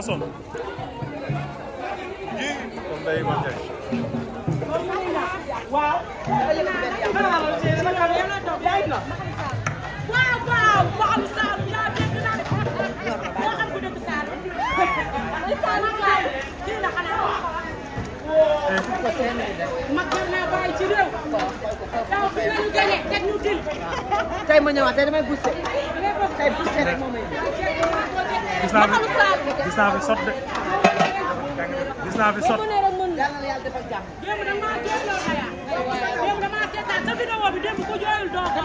en somme. tey ma ñëwaat tey damay bousee tey bousee rek moo may gis naa fi gis naa fi sot de gis naa fi sot. démb damaa seetaan sa vidéo bi démb ku jooyul doo ko.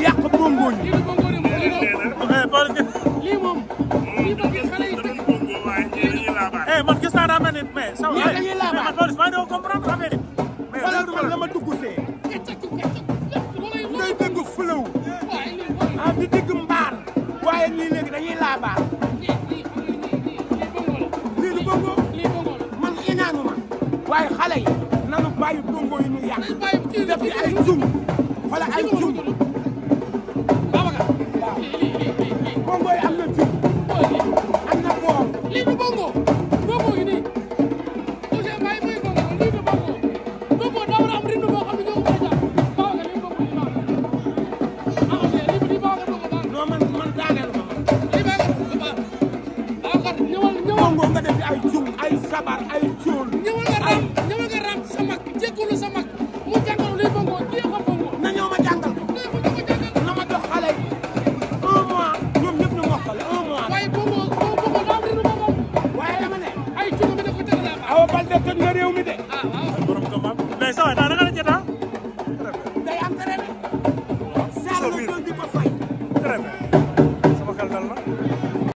yàq bongo yi. Eh, lii moom. lii moom xale yi dëgg. eh man gis naa daa mel ni mais. sa waay eh. mais man Pawlish maa ngi doon comprendre affaire yi. mais xoolal xool la ma dugg see. ngay dégg fulaw. ah di dégg mbaar. waaye nii léegi dañuy laabaar. lii du bongo. man inaanu ma. waaye xale yi nanu bàyyi bongo yi ñu yàq. def ci ay jum. xoolal ay jum. bongo ay jum ay sabar